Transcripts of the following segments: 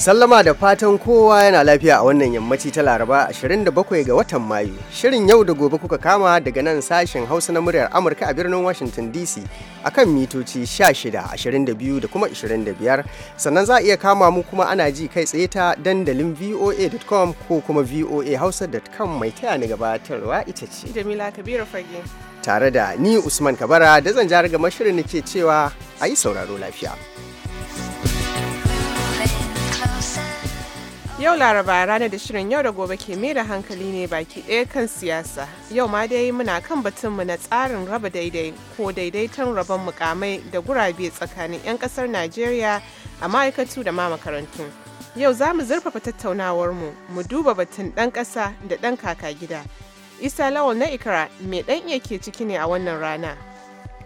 Sallama da fatan kowa yana lafiya a wannan yammaci ta Laraba 27 ga watan Mayu. Shirin yau da gobe kuka kama daga nan sashen Hausa na muryar Amurka a birnin Washington DC akan mitoci 16, 22 da kuma 25. Sannan za a iya kama mu kuma ana ji kai tsaye ta dandalin voa.com ko kuma voahausa.com mai taya ni gabatarwa ita ce. Jamila Kabiru Fage. Tare da ni Usman Kabara da zan jarga mashirin nake cewa a yi sauraro lafiya. Yau Laraba ranar da shirin yau da gobe ke mai da hankali ne baki ɗaya kan siyasa. Yau ma dai muna kan batunmu na tsarin raba daidai ko daidaiton rabon mukamai da gurabe tsakanin 'yan ƙasar Najeriya a ma'aikatu da ma makarantu. Yau za mu zurfafa tattaunawarmu mu duba batun ɗan ƙasa da ɗan kaka gida. Isa Lawal na Ikra mai ɗan iya ke ciki ne a wannan rana.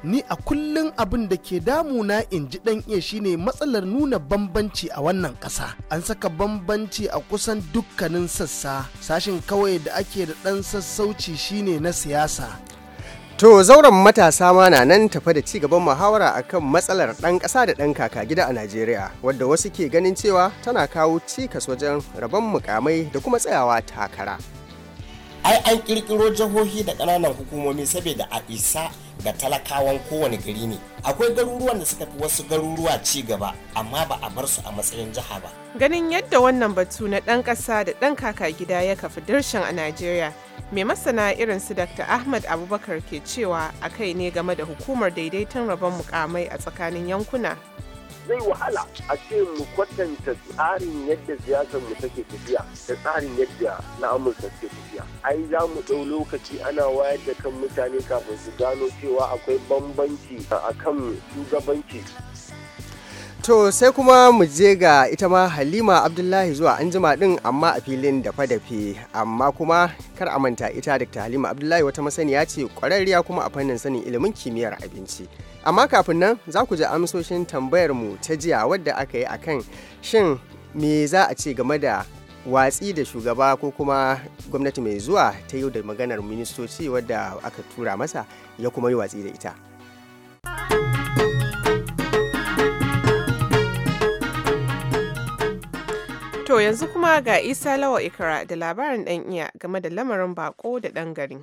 ni a kullum abin da ke damuna in ji dan iya shine matsalar nuna bambanci a wannan ƙasa an saka bambanci a kusan dukkanin sassa sashin kawai da ake da ɗan sassauci shine na siyasa To zauren matasa ma na nan tafa da ci gaban muhawara akan matsalar ɗan ƙasa da ɗan kaka gida a Najeriya wadda wasu ke ganin cewa tana kawo cikas wajen rabon mukamai da kuma tsayawa takara. ai an kirkiro jihohi da ƙananan hukumomi saboda a isa ga talakawan kowane gari ne akwai garuruwan da suka fi wasu garuruwa ci gaba amma ba a bar su a matsayin jiha ba ganin yadda wannan batu na ɗan ƙasa da ɗan kaka gida ya kafi darshen a najeriya mai masana irin su dr ahmad abubakar ke cewa akai ne game da hukumar daidaiton rabon mukamai a tsakanin yankuna zai wahala a ce mu kwatanta tsarin yadda siyasar mu take tafiya da tsarin yadda na amurka take tafiya ai za mu ɗau lokaci ana wayar da kan mutane kafin su gano cewa akwai bambanci a kan shugabanci To sai kuma mu je ga ita ma Halima Abdullahi zuwa anjima din amma a filin dafe-dafe amma kuma kar a manta ita Dr. Halima Abdullahi wata masaniya ce kwararriya kuma a fannin sanin ilimin kimiyyar abinci. Amma kafin nan za ku ji amsoshin tambayar mu ta jiya wadda aka yi akan shin me za a ce game da watsi da shugaba ko kuma gwamnati mai zuwa ta yau da maganar ministoci wadda aka tura masa ya kuma yi watsi da ita. To yanzu kuma ga Isa Lawa ikira da labarin ɗan iya game da lamarin bako da ɗan gari.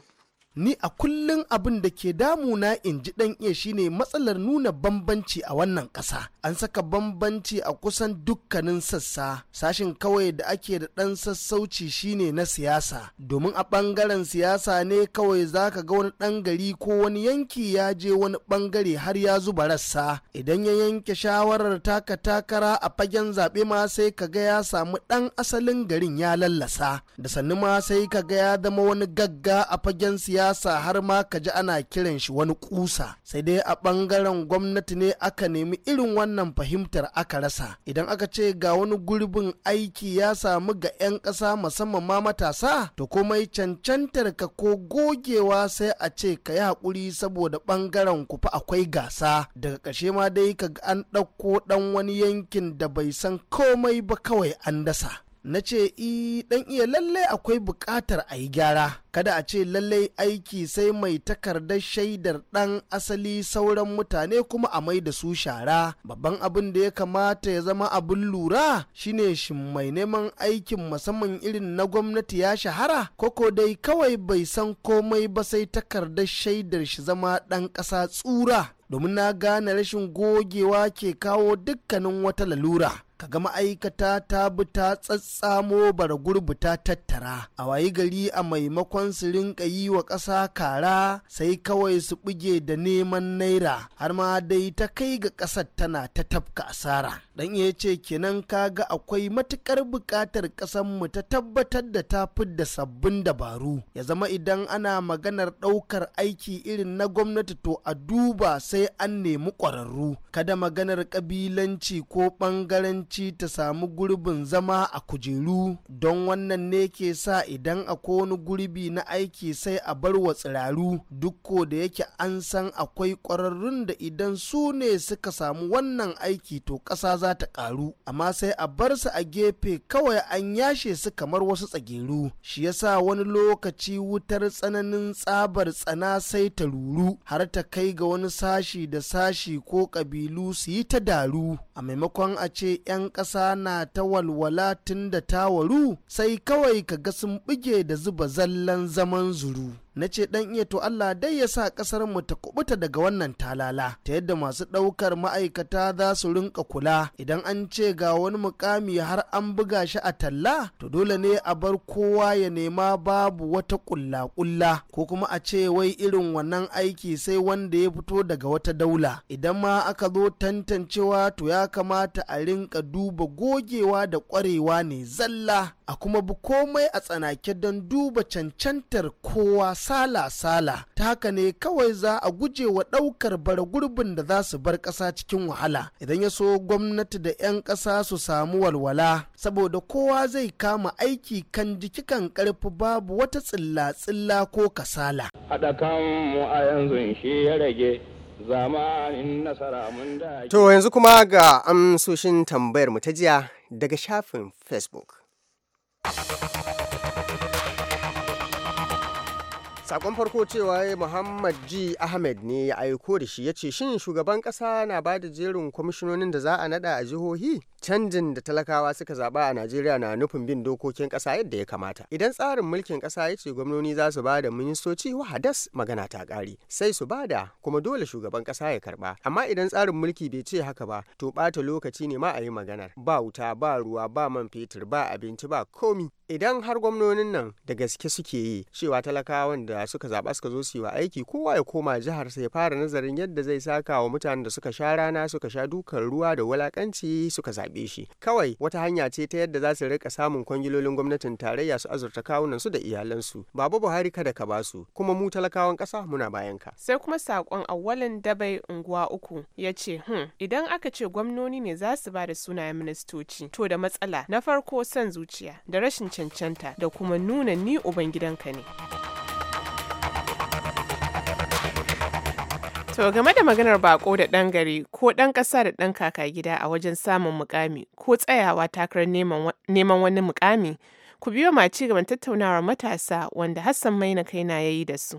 ni a kullum abin da ke damuna in ji ɗan iya shine matsalar nuna bambanci a wannan ƙasa an saka bambanci a kusan dukkanin sassa sashin kawai da ake da ɗan sassauci shine na siyasa domin a ɓangaren siyasa ne kawai za ka ga wani ɗan gari ko wani yanki ya je wani ɓangare har ya zuba rassa idan ya yanke shawarar taka takara a fagen zaɓe ma sai ka ga ya samu ɗan asalin garin ya lallasa da sannu ma sai ka ga ya zama wani gagga a fagen siyasa siyasa har ma ka ji ana kiran shi wani kusa sai dai a bangaren gwamnati ne aka nemi irin wannan fahimtar aka rasa idan aka ce ga wani gurbin aiki ya samu ga 'yan ƙasa musamman ma matasa to komai cancantar ka ko gogewa sai a ce ka yi haƙuri saboda bangaren ku fa akwai gasa daga ƙarshe ma dai ka an ɗauko ɗan wani yankin da bai san komai ba kawai an dasa na ce i dan iya lallai akwai buƙatar a yi gyara kada a ce lallai aiki sai mai takardar shaidar ɗan asali sauran mutane kuma a mai da su shara babban abin da ya kamata ya zama abin lura shine shin mai neman aikin musamman irin na gwamnati ya shahara koko dai kawai bai san komai ba sai takardar shaidar shi zama ɗan ƙasa tsura domin na gane rashin gogewa ke kawo dukkanin wata lalura Ka ga ma'aikata ta bi ta tsatsamo bara gurbu ta tattara a wayi gari a maimakon su rinka yi wa ƙasa kara sai kawai su buge da neman naira har ma dai ta kai ga ƙasar tana ta tafka asara dan iya ce kenan ga akwai matukar buƙatar ƙasar mu ta tabbatar da ta fidda sabbin dabaru ya zama idan ana maganar ɗaukar aiki irin na gwamnati to a duba sai an nemi ƙwararru kada maganar ƙabilanci ko ɓangaren gwamnati ta samu gurbin zama a kujeru don wannan ne ke sa idan akwai wani gurbi na aiki sai a bar wa tsiraru dukko da yake an san akwai ƙwararrun da idan su ne suka samu wannan aiki to ƙasa za ta ƙaru amma sai a bar su a gefe kawai an yashe su kamar wasu tsageru shi yasa wani lokaci wutar tsananin tsabar tsana sai ta ruru har ta kai ga wani sashi da sashi ko ƙabilu su yi ta daru a maimakon a ce nan ƙasa na ta walwala tun da ta waru sai kawai ka ga sun buge da zuba zallan zaman zuru na ce dan iya to Allah dai ya sa kasar mu ta kubuta daga wannan talala ta yadda masu daukar ma'aikata za su rinka kula idan an ce ga wani mukami har an buga shi a talla to dole ne a bar kowa ya nema babu wata kulla kulla ko kuma a ce wai irin wannan aiki sai wanda ya fito daga wata daula idan ma aka zo tantancewa to ya kamata a rinka duba gogewa da kwarewa ne zalla a kuma bi komai a tsanake don duba cancantar kowa sala-sala ta haka ne kawai za a guje wa ɗaukar bara gurbin da za su bar ƙasa cikin wahala idan ya so gwamnati da 'yan ƙasa su samu walwala saboda kowa zai kama aiki kan jikikan ƙarfi babu wata tsilla-tsilla ko kasala. Haɗa kan yanzu zamanin nasara mun da. To yanzu kuma ga amsoshin tambayar mu ta jiya daga shafin Facebook. Thank you. sakon farko cewa muhammad g ahmed ne ya aiko da shi ya ce shin shugaban kasa na ba da jerin kwamishinonin da za a nada a jihohi canjin da talakawa suka zaba a najeriya na nufin bin dokokin kasa yadda ya kamata idan tsarin mulkin kasa ya ce gwamnoni za su ba da ministoci wahadas magana ta kare sai su ba da kuma dole shugaban kasa ya karba amma idan tsarin mulki bai ce haka ba to bata lokaci ne ma a yi maganar ba wuta ba ruwa ba man fetur ba abinci ba komi idan har gwamnonin nan da gaske suke yi cewa talakawan da da suka zaɓa suka zo su yi wa aiki kowa ya koma jihar sa ya fara nazarin yadda zai saka wa mutanen da suka sha rana suka sha dukan ruwa da wulakanci suka zaɓe shi kawai wata hanya ce ta yadda za su rika samun kwangilolin gwamnatin tarayya su azurta kawunan su da iyalansu babu buhari kada ka basu kuma mu talakawan ƙasa muna bayan ka sai kuma saƙon awwalin dabai unguwa uku ya ce hmm idan aka ce gwamnoni ne za su ba da sunayen ministoci to da matsala na farko son zuciya da rashin cancanta da kuma nuna ni ka ne. To game da maganar bako da ɗan gari ko ɗan ƙasa da ɗan kaka gida a wajen samun mukami ko tsayawa takarar neman wani mukami, ku biyo ma ci gaban tattaunawar matasa wanda Hassan Maina kaina ya yi da su.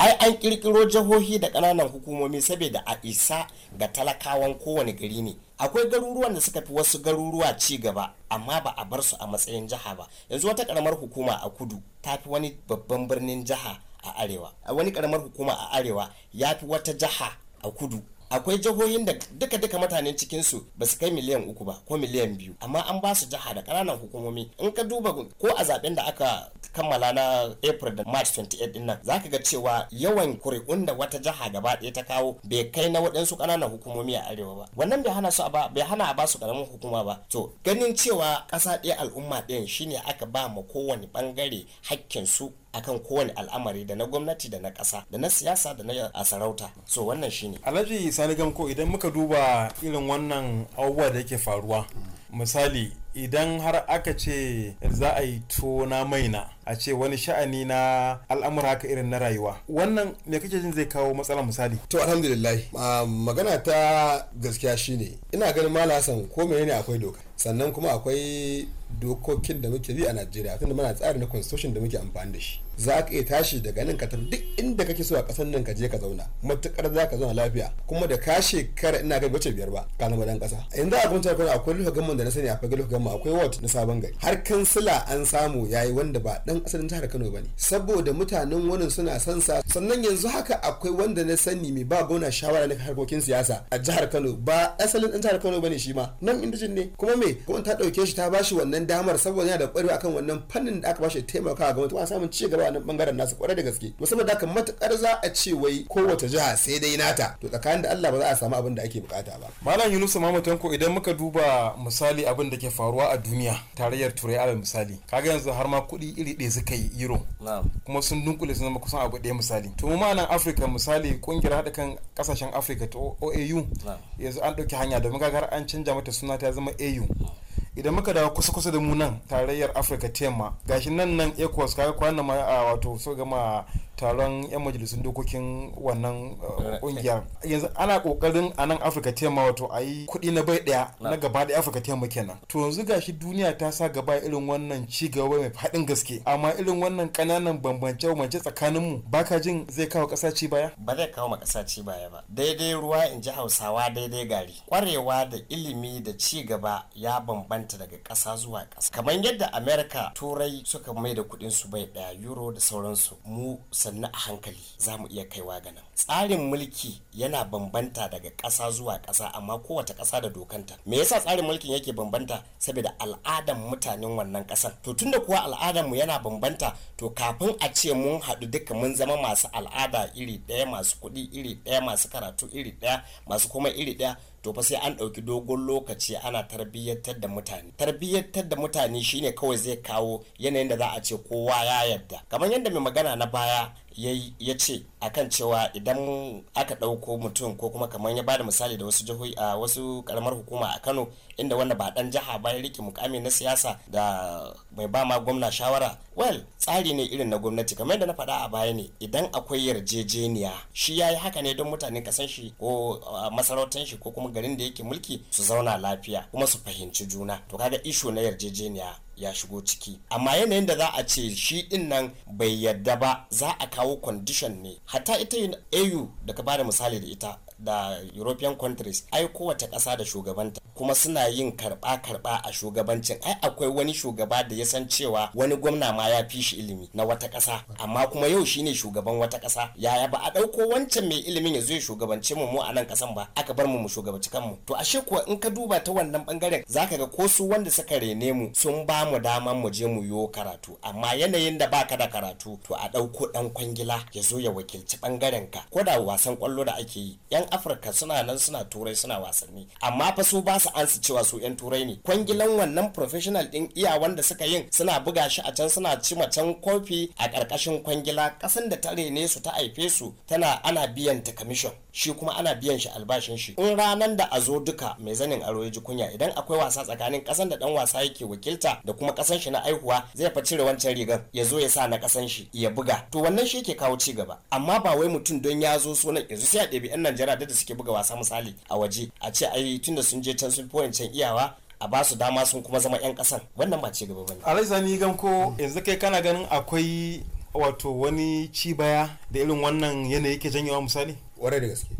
ai an ƙirƙiro jihohi da ƙananan hukumomi saboda a isa ga talakawan kowane gari ne akwai garuruwan da suka fi wasu garuruwa ci gaba amma ba a bar su a matsayin jiha ba yanzu wata ƙaramar hukuma a kudu ta fi wani babban birnin jiha a arewa wani karamar hukuma a arewa ya fi wata jaha a kudu akwai jihohin da duka duka mutanen cikin ba su kai miliyan uku ba ko miliyan biyu amma an ba su jiha da ƙananan hukumomi in ka duba ko a zaben da aka kammala na april da march 28 din nan zaka ga cewa yawan kuri'un da wata jiha gaba ɗaya ta kawo bai kai na waɗansu ƙananan hukumomi a arewa ba wannan bai hana su a bai hana a ba su ƙaramin hukuma ba to ganin cewa ƙasa ɗaya al'umma ɗayan shine aka ba ma kowane ɓangare hakkin su akan kowane al'amari da na gwamnati da na ƙasa da na siyasa da na sarauta so wannan shine alhaji sani gamko idan muka duba irin wannan abubuwa da yake faruwa misali idan har aka ce za a yi tona maina a ce wani sha'ani na al'amura haka irin na rayuwa wannan me kake jin zai kawo matsala misali to alhamdulillah ah, magana ta gaskiya shine ina ganin malasan ko menene akwai doka sannan kuma akwai dokokin da muke bi a najeriya tunda muna tsari na constitution da muke amfani da shi za ka iya tashi daga nan ka tafi duk inda kake so a ƙasar nan ka je ka zauna matuƙar za ka zauna lafiya kuma da ka shekara ina ga bace biyar ba ka na madan ƙasa yanzu a kuma kuma akwai lufa gamman da na sani akwai lufa gamma akwai wat na sabon gari har kansila an samu yi wanda ba dan asalin jihar Kano ne saboda mutanen wani suna son sa sannan yanzu haka akwai wanda na sani mai ba gona shawara na harkokin siyasa a jihar Kano ba asalin dan jihar Kano ne shi ma nan indijin ne kuma me kuma ta ɗauke shi ta bashi wannan damar saboda yana da ƙwarewa akan wannan fannin da aka bashi taimakawa gwamnati ba samun ci gaba mutanen bangaren nasu kwarai da gaske to saboda haka matukar za a ce wai kowace jiha sai dai nata to tsakanin da Allah ba za a samu abin da ake bukata ba malam Yunus Mamatan ko idan muka duba misali abin da ke faruwa a duniya tarayyar Turai a misali kaga yanzu har ma kuɗi iri ɗaya suka yi euro kuma sun dunkule sun zama kusan abu ɗaya misali to ma nan Afrika misali kungiyar haɗa kan kasashen Afrika ta OAU yanzu an ɗauki hanya da kaga an canja mata suna ta zama AU idan muka dawo kusa kusa da mu nan tarayyar afirka tema yamma gashi nan nan ecos kaga kwanan ma wato so gama taron 'yan majalisun dokokin wannan uh, eh, kungiya eh. yanzu ana kokarin a nan afirka tema wato a yi kuɗi na bai ɗaya na gaba da afirka tema kenan to yanzu gashi duniya ta sa gaba irin wannan ci gaba mai faɗin gaske amma irin wannan ƙananan bambance bambance tsakanin mu baka jin zai kawo ƙasa ci baya ba zai kawo ma ƙasa ci baya ba daidai ruwa in ji hausawa daidai gari ƙwarewa da ilimi da ci gaba ya bambanta daga ƙasa zuwa ƙasa kamar yadda america turai suka mai da kuɗin su bai ɗaya euro da sauransu mu sannu a hankali za mu iya kaiwa ga tsarin mulki yana bambanta daga ƙasa zuwa ƙasa amma kowace ƙasa da dokanta me yasa tsarin mulkin yake bambanta saboda al'adan mutanen wannan ƙasar to tunda kuwa al'adan mu yana bambanta to kafin a ce mun haɗu duka mun zama masu al'ada iri ɗaya masu kuɗi iri ɗaya masu karatu iri ɗaya masu kuma iri ɗaya to fa sai an ɗauki dogon lokaci ana tarbiyyantar da mutane tarbiyyantar da mutane shine kawai zai kawo yanayin da za a ce kowa ya yarda kamar yadda mai magana na baya ya ce akan cewa idan aka ɗauko mutum ko kuma kamar ya bada misali da wasu jihohi a wasu karamar hukuma a kano inda wanda ba dan jiha ba ya rike mukami na siyasa da mai ba ma gwamna shawara well tsari ne irin na gwamnati kamar yadda na faɗa a baya ne idan akwai yarjejeniya shi ya yi haka ne don mutane san shi ko masarautar shi ko kuma garin da yake mulki su zauna lafiya kuma su fahimci juna to kaga isho na yarjejeniya ya shigo ciki amma yanayin da za a ce shi din nan bai yadda ba za a kawo condition ne hatta ita yin au daga ka bada misali da ita da european countries ai kowace ƙasa da shugabanta kuma suna yin karɓa karɓa a shugabancin ai akwai wani shugaba da ya san cewa wani gwamna ma ya fi shi ilimi na wata ƙasa amma kuma yau shine shugaban wata ƙasa yaya ba a ɗauko wancan mai ilimin ya zo ya shugabance mu mu a nan ƙasan ba aka bar mu mu shugabanci kanmu to ashe kuwa in ka duba ta wannan bangaren zaka ga ko su wanda suka rene mu sun ba mu daman mu je mu yo karatu amma yanayin da baka da karatu to a ɗauko ɗan kwangila ya zo ya wakilci bangaren ka ko da wasan kwallo da ake yi yan afirka suna nan suna turai suna wasanni amma fa su ba su ansa cewa su yan turai ne kwangilan wannan professional din iya wanda suka yin suna buga shi a can suna ci macen kofi a ƙarƙashin kwangila ƙasan da ta rene su ta haife su tana ana biyan ta commission shi kuma ana biyan shi albashin shi in ranan da a zo duka mai zanin aro ya ji kunya idan akwai wasa tsakanin ƙasan da dan wasa yake wakilta da kuma kasan shi na aihuwa zai fa cire wancan rigar ya zo ya sa na kasan shi ya buga to wannan shi ke kawo ci gaba amma ba wai mutum don ya zo sunan yanzu sai a ɗebi Najeriya da suke buga wasa misali a waje a ce ai tunda sun je can sun fi wancan iyawa a ba su dama sun kuma zama 'yan kasan wannan ba ce gaba bane laisa ni gan ko yanzu kai kana ganin akwai wato wani ci baya da irin wannan yanayi ke janyewa misali warai da gaske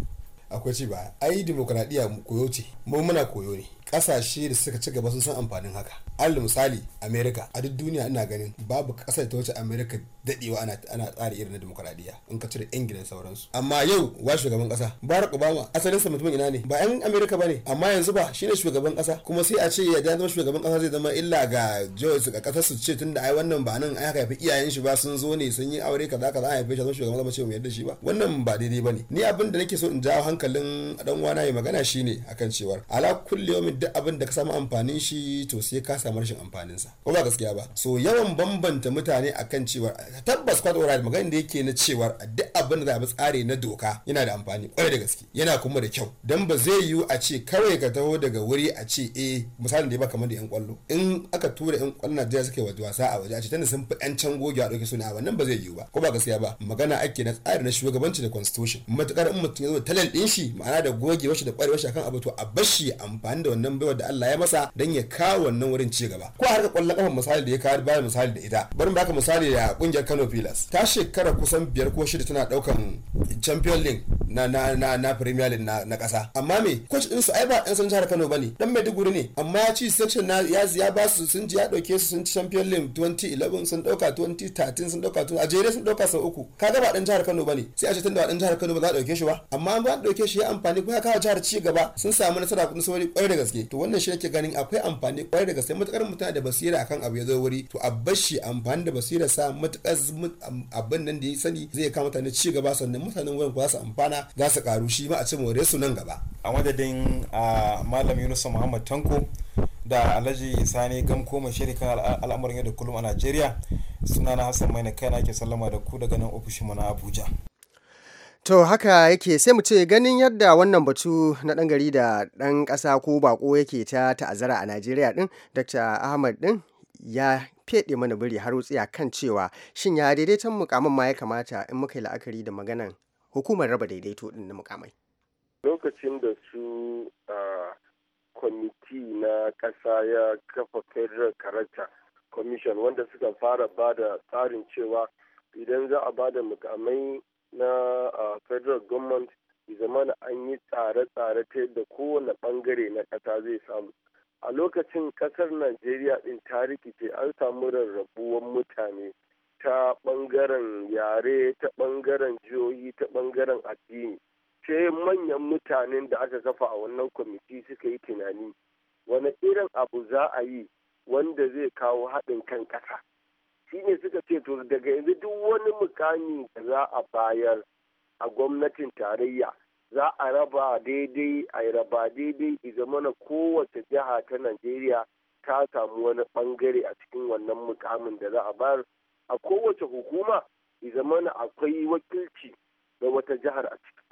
akwai ci baya ai dimokuraɗiyya koyo ce mu muna koyo ne kasashe da suka ci gaba sun san amfanin haka alal misali Amerika a duk duniya ina ganin babu kasar ta wuce america dadewa ana ana tsari irin na demokradiya in ka cire ingila da sauransu amma yau wa shugaban kasa barack obama asalin sa mutumin ina ne ba yan america bane amma yanzu ba shine shugaban kasa kuma sai a ce ya zama shugaban kasa zai zama illa ga joyce ga kasar su ce tunda ai wannan ba nan ai haka yafi iyayen shi ba sun zo ne sun yi aure kaza kaza a haife shi zama shugaban kasa ce mu yadda shi ba wannan ba daidai bane ni abin da nake so in jawo hankalin dan uwana ya magana shine akan cewa ala kulli yawmin duk abin da ka samu amfanin shi to sai ka samu rashin amfanin sa ko ba gaskiya ba so yawan bambanta mutane akan cewa tabbas kwato right magana da yake na cewa duk abin da za a tsare na doka yana da amfani kwarai da gaske yana kuma da kyau dan ba zai yiwu a ce kawai ka taho daga wuri a ce eh misalin da ya ba kamar da yan kwallo in aka tura yan kwallon jiya suke yi wasa a waje a ce tana sun fi yan can goge a dauke suna ba wannan ba zai yiwu ba ko ba gaskiya ba magana ake na tsari na shugabanci da constitution matukar in mutum ya zo talent din shi ma'ana da goge shi da kwarewa shi akan abu to a bashi amfani da wannan wannan baiwa da Allah ya masa dan ya kawo wannan wurin ci gaba ko har ka kwallon kafa misali da ya kawo bayan misali da ita bari baka misali da kungiyar Kano Pilas ta shekara kusan biyar ko shida tana daukan Champion League na na na, na Premier League na, na kasa amma me coach din su ai ba dan san jihar Kano bane dan Maiduguri ne amma ya ci section na ya ya ba su sun ji ya dauke su sun ci Champion League 2011 sun dauka 2013 sun dauka a jere sun dauka sau uku kaga ba dan jihar Kano bane sai a ce tunda ba dan jihar Kano ba za a dauke shi ba amma an ba dauke shi ya amfani ko ya kawo jihar ci gaba sun samu nasara kuma sauri kwarai da gaske to wannan shi nake ganin akwai amfani kwarai da gaske matukar mutane da basira akan abu ya zo wuri to a bar shi amfani da basira sa matukar abin nan da ya sani zai kawo mutane ci gaba sannan mutanen wurin ku za su amfana za su karu shi ma a ci more su nan gaba a madadin malam Yunus Muhammad Tanko da Alhaji Sani Gamko mai shirikan al'amuran yau da kullum a Najeriya sunana Hassan Maina kai na ke sallama da ku daga nan mu na Abuja To haka yake sai mu ce ganin yadda wannan batu na ɗan gari da ɗan ƙasa ko bako yake ta ta'azara a Najeriya ɗin, Dr. Ahmad ɗin ya feɗe mana biri har wutsiya kan cewa shin ya daidaiton mukamman ma ya kamata in muka yi la'akari da maganan hukumar raba daidaito ɗin na mukamai. Lokacin da su kwamiti na ƙasa ya kafa federal character commission wanda suka fara ba da tsarin cewa idan za a ba da mukamai na federal government zamana an yi tsare-tsare ta yadda kowane bangare na ƙasa zai samu a lokacin ƙasar najeriya ɗin ta rikice an samu rarrabuwan mutane ta bangaren yare ta bangaren jihohi ta bangaren addini sai manyan mutanen da aka kafa a wannan kwamiti suka yi tunani wani irin abu za a yi wanda zai kawo haɗin kan ƙasa shine suka ce to daga yanzu duk wani mukami da za a bayar a gwamnatin tarayya za a raba daidai a yi raba daidai i zamana kowace jiha ta najeriya ta samu wani bangare a cikin wannan mukamin da za a bayar a kowace hukuma i zamana akwai wakilci na wata jihar a ciki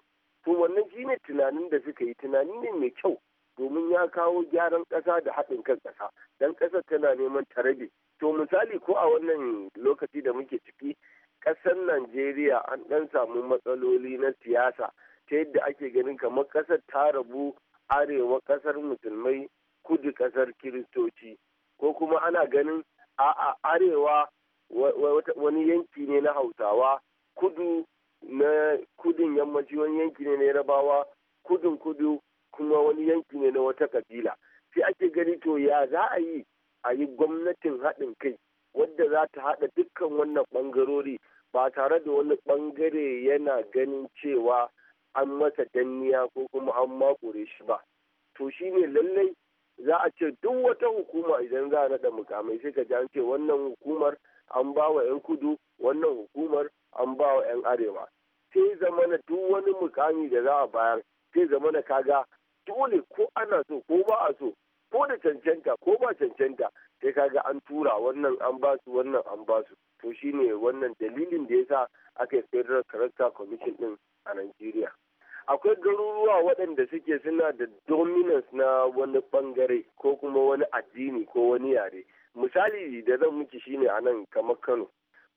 to wannan shine tunanin da suka yi tunani ne mai kyau domin ya kawo gyaran ƙasa da haɗin kan ƙasa don ƙasar tana neman ta rage to misali ko a wannan lokaci da muke ciki ƙasar najeriya an ɗan samu matsaloli na siyasa ta yadda ake ganin kamar ƙasar ta rabu arewa ƙasar musulmai kudu ƙasar kiristoci ko kuma ana ganin a arewa wani yanki ne na hausawa kudu na kudin yammaci wani yanki ne na yarabawa kudin kudu kuma wani yanki ne na wata kabila sai ake gani to ya za a yi a yi gwamnatin haɗin kai wadda za ta haɗa dukkan wannan ɓangarori ba tare da wani ɓangare yana ganin cewa an masa danniya ko kuma an makure shi ba to shine lallai za a ce duk wata hukuma idan za a naɗa mukamai sai ka ji an ce wannan hukumar an ba wa 'yan kudu wannan hukumar an ba wa 'yan arewa sai zamana duk wani mukami da za a bayar sai na kaga dole ko ana so ko ba a so ko da cancanta ko ba cancanta sai kaga an tura wannan an ba su wannan an ba su to shine wannan dalilin da yasa aka yi federal character commission din a Najeriya akwai garuruwa waɗanda suke suna da dominance na wani bangare ko kuma wani addini ko wani yare misali da zan miki shine a nan kamar Kano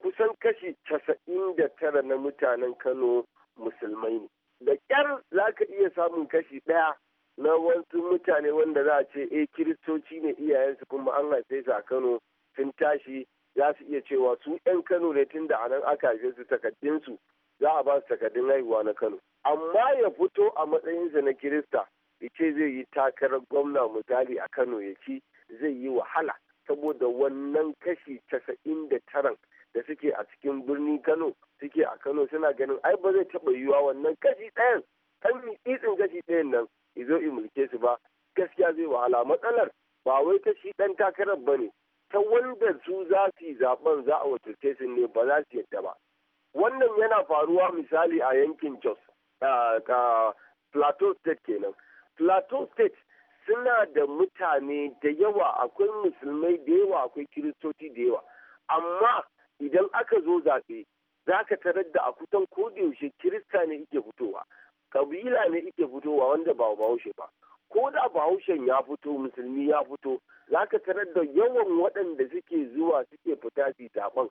kusan kashi casa'in da tara na mutanen Kano musulmai ne da kyar za ka iya samun kashi ɗaya na wasu mutane wanda za a ce eh kiristoci ne iyayensu kuma an haife su a kano sun tashi za su iya cewa su 'yan kano ne tun da a nan aka haife su takaddunsu za a ba su takaddun haihuwa na kano amma ya fito a matsayinsa na kirista ce zai yi takarar gwamna misali a kano ya ci zai yi wahala saboda wannan kashi casa'in da taran da suke a cikin birnin kano suke a kano suna ganin ai ba zai taɓa yiwuwa wannan kashi ɗayan ɗan itsin kashi ɗayan nan zo in mulke su ba gaskiya zai wahala matsalar ba wai ta shi dan takarar ba ne ta wanda su za su yi zaben za a wakilce su ne ba za su yadda ba wannan yana faruwa misali a yankin jos plateau state kenan plateau state suna da mutane da yawa akwai musulmai da yawa akwai kiristoci da yawa amma idan aka zo zaɓe za ka tarar da a kusan yaushe kirista ne yake fitowa kabila ne ike fitowa wanda ba bahaushe ba ko da bahaushen ya fito musulmi ya fito za ka tarar da yawan waɗanda suke zuwa suke fita su taɓan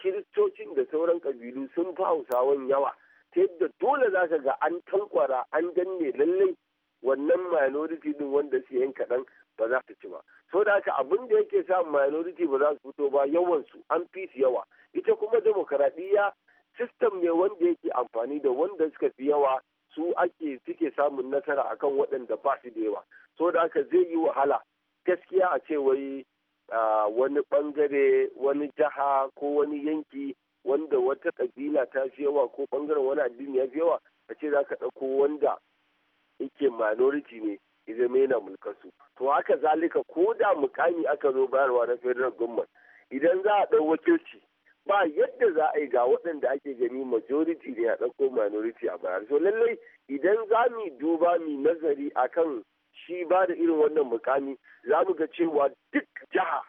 kiristocin da sauran kabilu sun fi hausawan yawa ta yadda dole za ka ga an tankwara an danne lallai wannan minority din wanda su yan kaɗan ba za su ci ba so da haka abin da yake sa minority ba za su fito ba yawan su an fi su yawa ita kuma demokaradiyya system ne wanda yake amfani da wanda suka fi yawa su ake suke samun nasara akan waɗanda ba su da yawa so da aka zai yi wahala gaskiya a ce wai wani bangare wani jaha ko wani yanki wanda wata ƙabila ta fi yawa ko ɓangaren wani addini ya fi yawa a ce za ka ɗauko wanda yake minority ne ya yana mulkar su to haka zalika ko da mukami aka zo bayarwa na federal government idan za a ɗau wakilci ba yadda za a yi ga waɗanda ake gani majority ne a ɗauko minority a bayar so lallai idan za mu duba mu nazari akan shi ba da irin wannan mukami za mu ga cewa duk jiha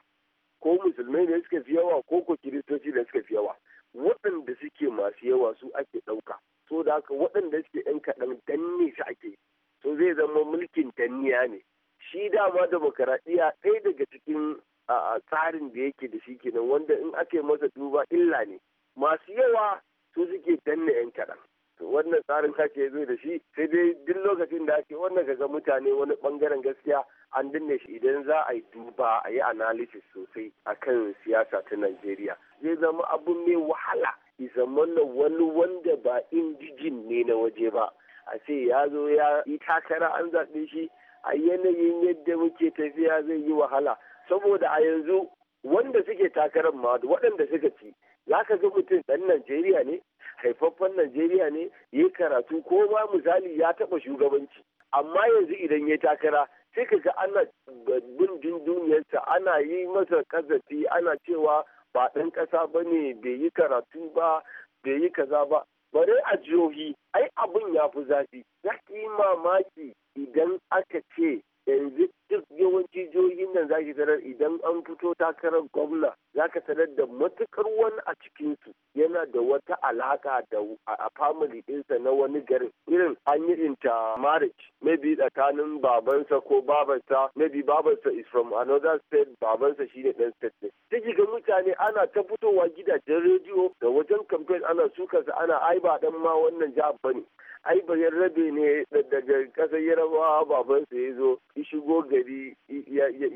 ko musulmai da suka fi yawa ko ko kiristoci da suka fi yawa waɗanda suke masu yawa su ake ɗauka so da haka waɗanda suke ɗan kaɗan danne su ake so zai zama mulkin danniya ne shi dama da ɗaya daga cikin a tsarin da yake da shi kenan wanda in ake masa duba illa ne masu yawa su suke danna yan kaɗan wannan tsarin kake zo da shi sai dai duk lokacin da ake wannan ga mutane wani bangaren gaskiya an danne shi idan za a yi duba a yi analysis sosai kan siyasa ta Najeriya zai zama abun mai wahala zamana wani wanda ba indijin ne na waje ba a ce ya zo ya yi takara an zaɓe shi a yanayin yadda muke tafiya zai yi wahala saboda a yanzu wanda suke takarar ma waɗanda suka ci za ka ga mutum ɗan najeriya ne haifaffen najeriya ne ya karatu ko ma misali ya taɓa shugabanci amma yanzu idan ya takara sai ka ga ana bin dunduniyarsa ana yi masa kazafi ana cewa ba ɗan ƙasa ba ne bai yi karatu ba bai yi kaza ba bare a jihohi ai abin ya fi zafi za ki mamaki idan aka ce yanzu duk yawanci jihohin nan zaki tarar idan an fito takarar gwamna zaka sanar da matukar wani a cikinsu yana da wata alaka da a family ɗinsa na wani garin irin an yi inta marriage maybe tsakanin babansa ko babansa maybe babansa is from another state babansa shine ɗan state ne sai ga mutane ana ta fitowa gidajen rediyo da wajen campaign ana sukarsa ana ai ba dan ma wannan jihar bane ai bayan rabe ne daga kasar baban babansa ya zo ya shigo gari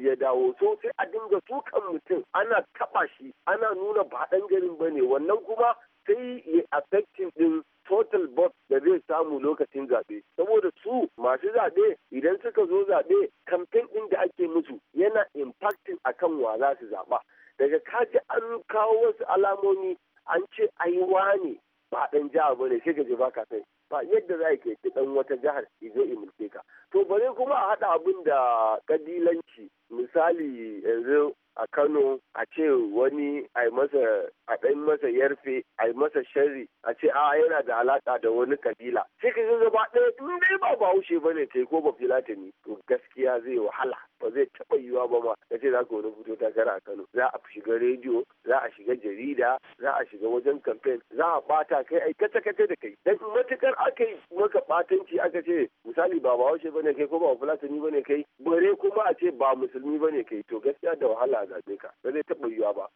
ya dawo so sai a dinga sukan mutum ana taba shi ana nuna ba dan garin bane wannan kuma sai ya affecting din total bot da zai samu lokacin zaɓe saboda su masu zaɓe idan suka zo zaɓe kamfen ɗin da ake musu yana impacting akan wa za su zaɓa daga kaji an kawo wasu alamomi an ce ai wani ba ɗan jiha ba ne sai ka je baka sai ba yadda za ka yi dan wata jihar izo i mulke ka to bare kuma a haɗa abin da kabilanci misali yanzu a Kano a ce wani a yi masa a ɗan masa yarfe a yi masa sharri a ce a yana da alaƙa da wani kabila sai ka zaba ɗaya in dai ba bahaushe bane tai ko ba filatani to gaskiya zai wahala ba zai taɓa yiwa ba ma na ce za ka wani fito takara a Kano za a shiga rediyo za a shiga jarida za a shiga wajen kamfen za a bata kai ai kata kata da kai dan matukar aka yi maka batanci aka ce misali ba ba haushe bane kai ko ba fulatani bane kai bare kuma a ce ba musulmi bane kai to gaskiya da wahala a zabe ka ba zai taɓa yiwa ba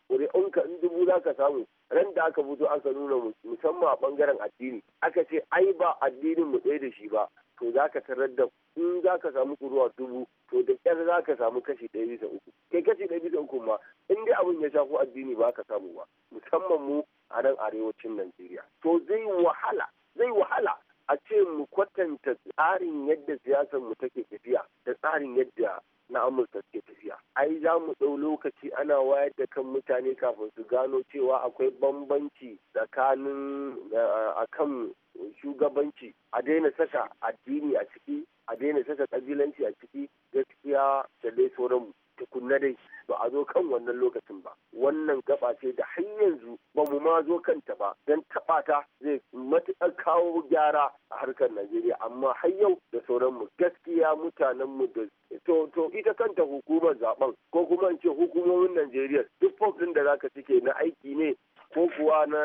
ka in dubu za ka samu ran da aka fito aka nuna musamman a bangaren addini aka ce ai ba addinin mu ɗaya da shi ba to za ka tarar da in za ka samu kuruwa dubu to da ƙyar za ka samu kashi ɗaya bisa uku kai kashi ɗaya bisa uku ma in dai abin ya shafi addini ba ka samu ba musamman mu a nan arewacin najeriya to zai wahala zai wahala a ce mu kwatanta tsarin yadda siyasar mu take tafiya da tsarin yadda na amurka ke tafiya ai za mu ɗau lokaci ana wayar da kan mutane kafin su gano cewa akwai bambanci tsakanin eh, akan shugabanci a daina saka addini a ciki a daina saka kabilanci a ciki gaskiya da dai sauranmu tukunna dai ba a zo kan wannan lokacin ba wannan gaba ce da har yanzu ba mu ma zo kanta ba don taɓa ta zai matuƙar kawo gyara a harkar najeriya amma har yau da sauranmu gaskiya mutanenmu da to to ita kanta hukumar zaben ko kuma in ce hukumomin najeriya duk fofin ɗin da zaka cike na aiki ne ko kuwa na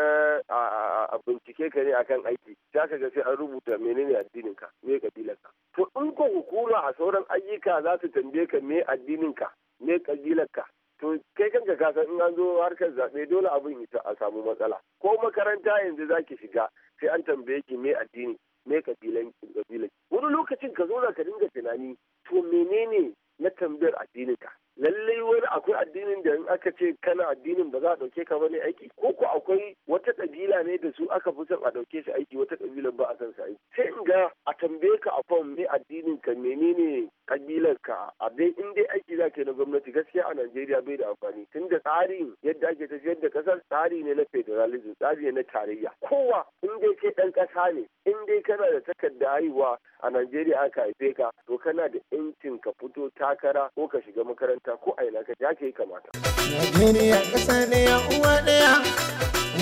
a bincike ka ne akan aiki za ka ga sai an rubuta menene addinin ka me kabilar ka to in ko hukuma a sauran ayyuka za su tambaye ka me addinin ka me kabilar ka to kai kanka ka san in an zo harkar zaɓe dole abin ita a samu matsala ko makaranta yanzu zaki shiga sai an tambaye ki me addini me kabilan kabilan wani lokacin ka zo za ka dinga tunani to menene na tambayar addinin ka lallai wani akwai addinin da in aka ce kana addinin ba za a ɗauke ka bane aiki ko ko akwai wata ƙabila ne da su aka fi son a ɗauke shi aiki wata ƙabila ba a san su aiki sai in ga a tambaye ka a fam me addinin ka menene ƙabilar ka a dai in dai aiki za ka na gwamnati gaskiya a Najeriya bai da amfani Tun da tsarin yadda ake tafiyar da ƙasar tsari ne na federalism tsari ne na tarayya kowa in dai kai ɗan ƙasa ne in dai kana da takarda haihuwa a Najeriya aka haife ka to kana da 'yancin ka fito takara ko ka shiga makaranta fita ko a ilaka ya ke kamata. Najeriya ƙasa ne ya uwa ɗaya,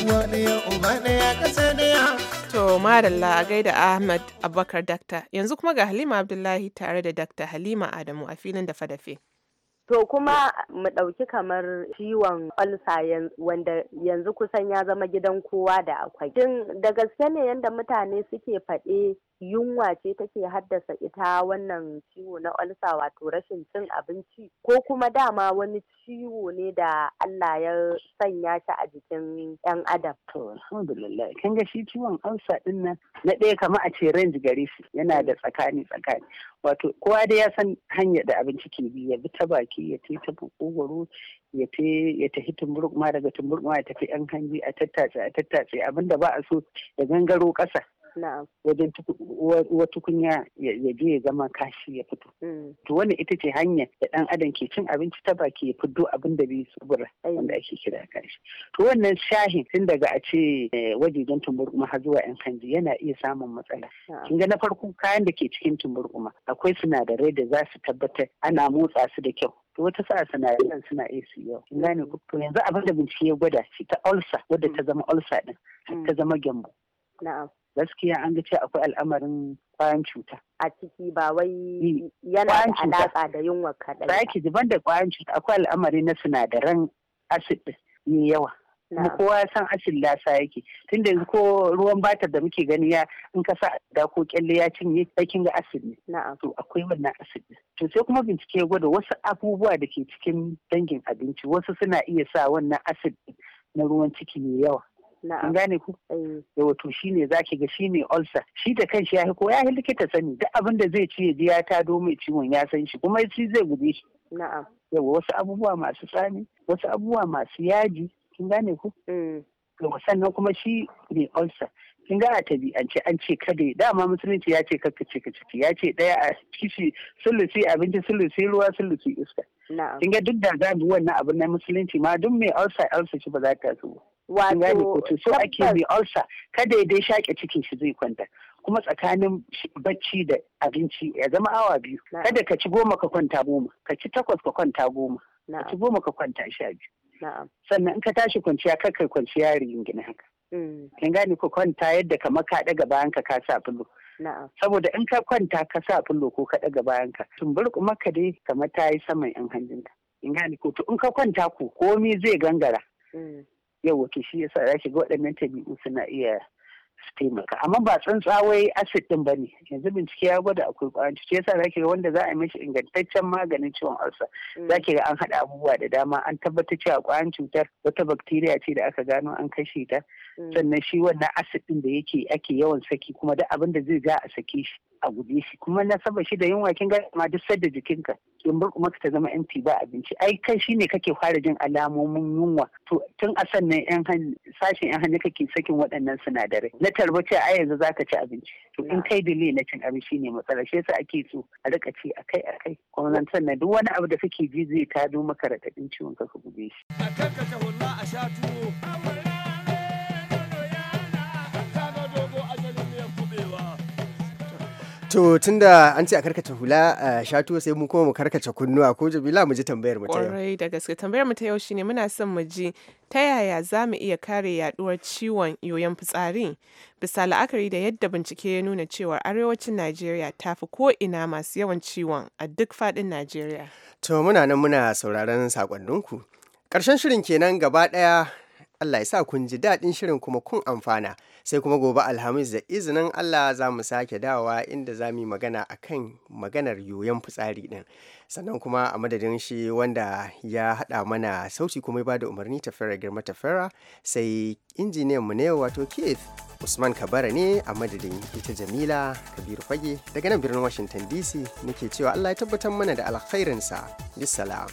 uwa ɗaya uba ɗaya ƙasa ɗaya. To Madalla a gaida Ahmad Abubakar Dakta yanzu kuma ga Halima Abdullahi tare da Dakta Halima Adamu a filin da fadafe. To kuma mu ɗauki kamar ciwon olsa wanda yanzu kusan ya zama gidan kowa da akwai. Din da gaske ne yadda mutane suke faɗe yunwa ce take haddasa ita wannan ciwo na olsa wato rashin cin abinci ko kuma dama wani ciwo ne da Allah ya sanya shi a jikin yan adam. To alhamdulillah kin ga shi ciwon olsa din nan na ɗaya kama a ce range gare shi yana da tsakani tsakani wato kowa da ya san hanyar da abinci ke bi ya bi ta baki ya ta kokoro ya ya tafi tumburma daga tumburma ya tafi yan hanji a tattace a tattace abinda ba a so da gangaro ƙasa wajen uwa tukunya ya je ya zama kashi ya fito. Mm. To wani ita ce hanya da ɗan adam ke cin abinci ta baki ya fito abin da bai tsubura wanda ake kira kashi. To wannan shahin tun daga a ce eh, wajejen tumburkuma har zuwa yan hanji yana iya samun matsala. Kin ga na farko kayan da ke cikin tumburkuma akwai sinadarai da za su tabbatar ana motsa su da kyau. to wata sa'a sinadaran suna iya su yau kin gane ku yanzu abin da bincike ya gwada shi ta ulcer wadda ta mm. zama ulcer din ta mm. zama gyambo gaskiya an ga ce akwai al'amarin kwayan cuta. A ciki ba wai yana da alaƙa da yunwa kaɗai. Ba ki daban da kwayan cuta akwai al'amari na sinadaran asid mai yawa. Kuma kowa ya san asid lasa yake. Tunda da ko ruwan batar da muke gani ya in ka sa da ko kyalle ya cinye kin ga asid ne. To akwai wannan asid To sai kuma bincike ya gwada wasu abubuwa da ke cikin dangin abinci wasu suna iya sa wannan asid na ruwan ciki mai yawa. Kin gane ku? wato eh. to shi ne zaki ga shi ne ulcer. Shi da kanshi ya ko ya yi likita sani duk abin da zai ci ya ji ya ta mai ciwon ya san shi kuma shi zai guje shi. Na'am. Yawa wasu abubuwa masu tsami, wasu abubuwa masu yaji, kin gane ku? Mm. Yawa sannan kuma shi ne ulcer. kin ga a tabi'ance an ce kada ya dama musulunci ya ce kakka ce ka ciki ya ce daya a kishi sulusi abinci sulusi ruwa sulusi iska kin ga duk da za wannan abin na musulunci ma duk mai ulcer ulcer shi ba za ta zuwa. wato so ake mai ulcer kada ya dai shaƙe cikin shi zai kwanta kuma tsakanin bacci da abinci ya zama awa biyu kada ka ci goma ka kwanta goma ka ci takwas ka kwanta goma ka ci goma ka kwanta sha biyu sannan in ka tashi kwanciya kar kai kwanciya rigingina haka mm. kin gane ku kwanta yadda ka maka daga bayan ka sa fulo saboda in ka kwanta ka sa fulo ko ka daga bayan ka tumbur kuma ka dai kamar ta yi saman yan hannun ka in gane ku to in ka kwanta ku, komi zai gangara mm. yau waki shi yasa za ki ga waɗannan tabi'u suna iya su taimaka amma ba tsantsa wai acid ba ne yanzu bincike ya gwada akwai ƙwayan cuta yasa zaki ga wanda za a mishi ingantaccen maganin ciwon ulcer mm. zaki ga an haɗa abubuwa da dama an tabbatar cewa kwayan cutar wata bacteria ce da aka gano an kashe ta mm. sannan shi wannan acid ɗin da yake ake yawan saki kuma duk abin da zai ga a sake shi a guje shi kuma na saba shi da yunwa kin ga ma duk sadda jikinka in bar kuma ta zama MP ba abinci ai kai shi ne kake fara jin alamomin yunwa to tun a sannan yan sashen yan hannu kake sakin waɗannan sinadarai na ce a yanzu zaka ci abinci to in kai dile na cin abinci ne matsala shi yasa ake so a rika ci akai akai kuma nan sannan duk wani abu da kake ji zai tado maka raɗaɗin ciwon ka ka guje shi a kanka ta a sha tuwo to tunda an ce a karkace hula a shatu sai mu kuma mu kunnu kunnuwa ko jabila mu ji tambayar mu ta yau kwarai da gaske tambayar mu ta yau shine muna son mu ji ta yaya za mu iya kare yaduwar ciwon yoyon fitsari bisa la'akari da yadda bincike ya nuna cewa arewacin najeriya ta fi ko ina masu yawan ciwon a duk fadin najeriya to muna nan muna sauraron sakonninku Karshen shirin kenan gaba ɗaya Allah ya sa kun ji daɗin shirin kuma kun amfana sai kuma gobe alhamis da izinin Allah za mu sake dawowa inda za mu magana a kan maganar yoyon fitsari ɗin sannan kuma a madadin shi wanda ya haɗa mana sauti kuma ya ba da umarni tafera girma tafera sai injiniyan mu ne wato Keith Usman Kabara ne a madadin ita Jamila Kabiru Fage daga nan birnin Washington DC nake cewa Allah ya tabbatar mana da alkhairinsa bisalam.